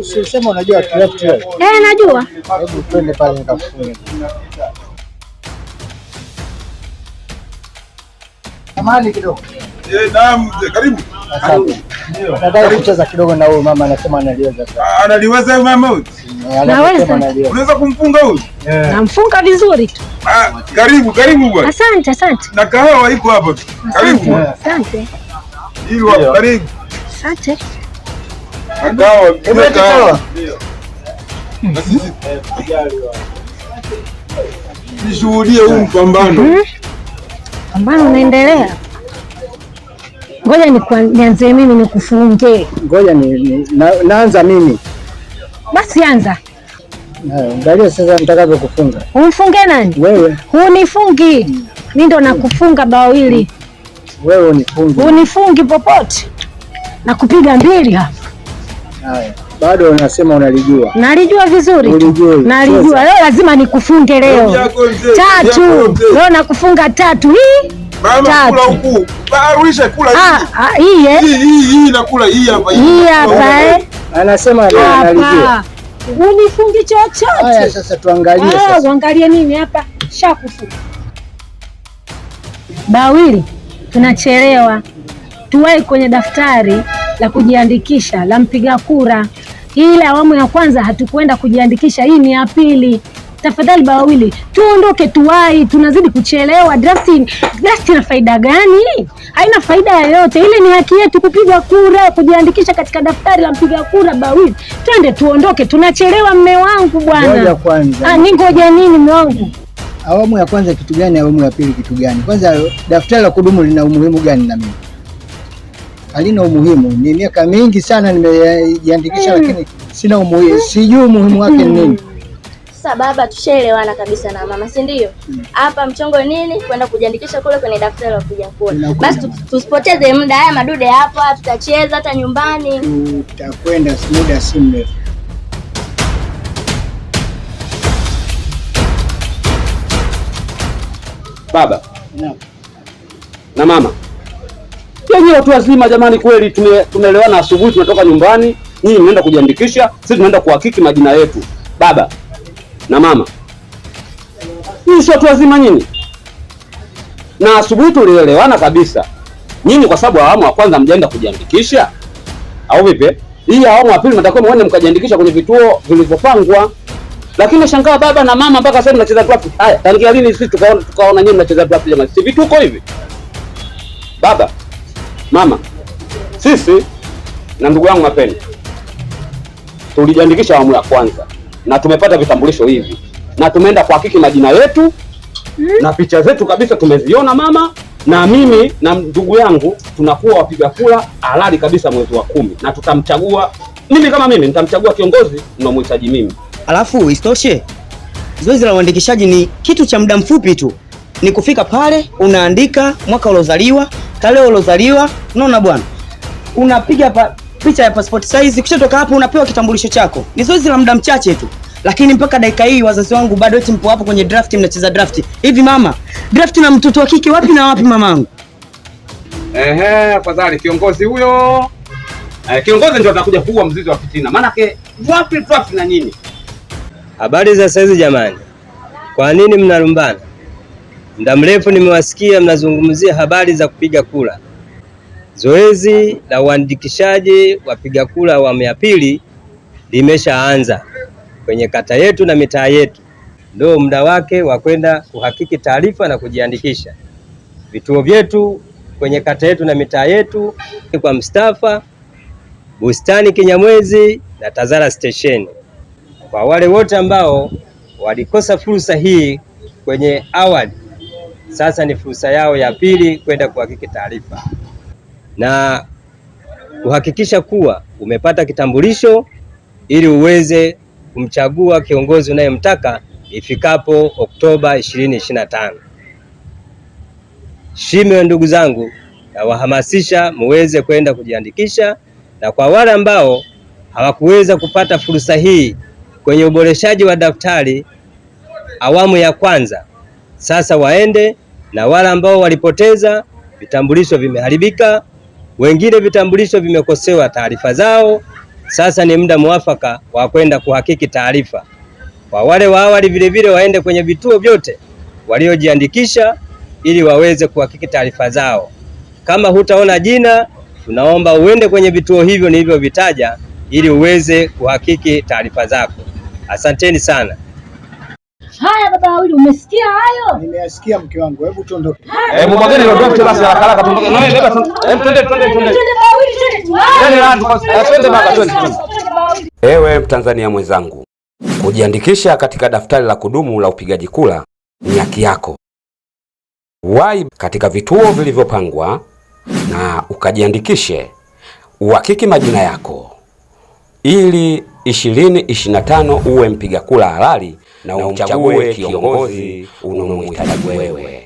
Usisema unajua draft wewe. Eh, najua. Hebu twende pale nikafunge. Amani kidogo. Eh, naam, karibu. Nadai kucheza kidogo na huyu mama anasema analiweza. Analiweza huyu mama huyu? Naweza. Unaweza kumfunga huyu? Namfunga vizuri tu. Ah, karibu, karibu bwana. Asante, asante. Na kahawa iko hapa Karibu. Asante. Hilo, karibu. Asante nishuhudie huu mpambano. Hmm? Pambano unaendelea. Ngoja nianze mimi nikufunge. Ngoja naanza mimi basi, anza. Eh, angalia sasa nitakavyokufunga. umfunge nani? Wewe. Unifungi. Mimi ndo nakufunga bao hili. Wewe unifungi. Unifungi popote. Nakupiga mbili hapa. Bado unasema unalijua. Nalijua vizuri. Nalijua. Leo lazima nikufunge leo. Tatu. Leo nakufunga tatu hii. Mama kula huku. Barusha kula ah, hii. Ah, hii eh. Hii hii nakula hii hapa. Hii hapa eh. Anasema analijua. Unifungi chochote. Haya sasa tuangalie ah, sasa. Ah, uangalie nini hapa? Shakufu. Bawili tunachelewa. tuwai kwenye daftari la kujiandikisha la mpiga kura. ile awamu ya kwanza hatukwenda kujiandikisha, hii ni ya pili. Tafadhali bawawili, tuondoke, tuwai, tunazidi kuchelewa. Drafti drafti ina faida gani? Haina faida yoyote. Ile ni haki yetu kupiga kura, kujiandikisha katika daftari la mpiga kura. Bawili, twende tuondoke, tunachelewa. Mme wangu bwana, ah, ni ngoja nini? Mme wangu, awamu ya kwanza kitu gani? Awamu ya pili kitu gani? Kwanza daftari la kudumu lina umuhimu gani na mimi halina umuhimu. Ni miaka mingi sana nimejiandikisha, mm. lakini sina umuhimu, sijui umuhimu wake ni nini. Sasa baba, tushaelewana kabisa na mama, si ndio? Mm. Hapa hmm. Mchongo nini kwenda kujiandikisha kule kwenye daftari la kupiga kura, basi tusipoteze muda. Haya madude hapa, tutacheza hata nyumbani, tutakwenda muda si mrefu. Baba na mama pia watu wazima jamani, kweli tumeelewana. Asubuhi tunatoka nyumbani, nyinyi mnaenda kujiandikisha, sisi tunaenda kuhakiki majina yetu, baba na mama. Nyinyi si watu wazima nyinyi? Na asubuhi tulielewana kabisa. Nyinyi kwa sababu awamu ya kwanza mjaenda kujiandikisha au vipi? Hii awamu ya pili mnatakiwa mwende mkajiandikisha kwenye vituo vilivyopangwa. Lakini nashangaa baba na mama mpaka sasa mnacheza draft. Haya, tangia lini sisi tukaona tukaona nyinyi mnacheza draft jamani? Si vituko hivi. Baba Mama, sisi na ndugu yangu mapendo tulijiandikisha awamu ya kwanza na tumepata vitambulisho hivi na tumeenda kuhakiki majina yetu na picha zetu kabisa tumeziona mama, na mimi na ndugu yangu tunakuwa wapiga kura halali kabisa mwezi wa kumi, na tutamchagua mimi kama mimi nitamchagua kiongozi unamhitaji mimi. Alafu isitoshe zoezi la uandikishaji ni kitu cha muda mfupi tu, ni kufika pale unaandika mwaka uliozaliwa tarehe uliozaliwa, unaona bwana, unapiga pa, picha ya passport size. Ukishatoka hapo unapewa kitambulisho chako. Ni zoezi la muda mchache tu, lakini mpaka dakika hii wazazi wangu bado eti mpo hapo kwenye draft, mnacheza draft hivi. Mama draft na mtoto wa kike wapi na wapi, mamangu? Ehe, afadhali kiongozi huyo. Eh, kiongozi ndio atakuja kuua mzizi wa fitina, maanake wapi draft na nini? Habari za saizi jamani, kwa nini mnalumbana? Muda mrefu nimewasikia mnazungumzia habari za kupiga kura. Zoezi la uandikishaji wapiga kura awamu ya pili limeshaanza kwenye kata yetu na mitaa yetu, ndio muda wake wa kwenda kuhakiki taarifa na kujiandikisha. Vituo vyetu kwenye kata yetu na mitaa yetu kwa Mstafa, Bustani, Kinyamwezi na Tazara Station. Kwa wale wote ambao walikosa fursa hii kwenye awali sasa ni fursa yao ya pili kwenda kuhakiki taarifa na kuhakikisha kuwa umepata kitambulisho ili uweze kumchagua kiongozi unayemtaka ifikapo Oktoba 2025. Shime, ndugu zangu, nawahamasisha muweze kwenda kujiandikisha, na kwa wale ambao hawakuweza kupata fursa hii kwenye uboreshaji wa daftari awamu ya kwanza sasa waende na wale ambao walipoteza vitambulisho, vimeharibika, wengine vitambulisho vimekosewa taarifa zao. Sasa ni muda mwafaka wa kwenda kuhakiki taarifa. Kwa wale wa awali vilevile waende kwenye vituo vyote waliojiandikisha ili waweze kuhakiki taarifa zao. Kama hutaona jina, tunaomba uende kwenye vituo hivyo nilivyovitaja ili uweze kuhakiki taarifa zako. Asanteni sana kauli. Umesikia hayo? Nimeasikia mke wangu, hebu tuondoke. Hebu mwageni ndio draft basi haraka haraka tuondoke. Eh, leba wewe hebu twende twende twende. Twende twende. Twende Twende twende. na Ewe Mtanzania mwenzangu, kujiandikisha katika daftari la kudumu la upigaji kura ni haki yako. Wai katika vituo vilivyopangwa na ukajiandikishe, uhakiki majina yako ili 2025 uwe mpiga kura halali na umchague kiongozi unaomhitaji wewe.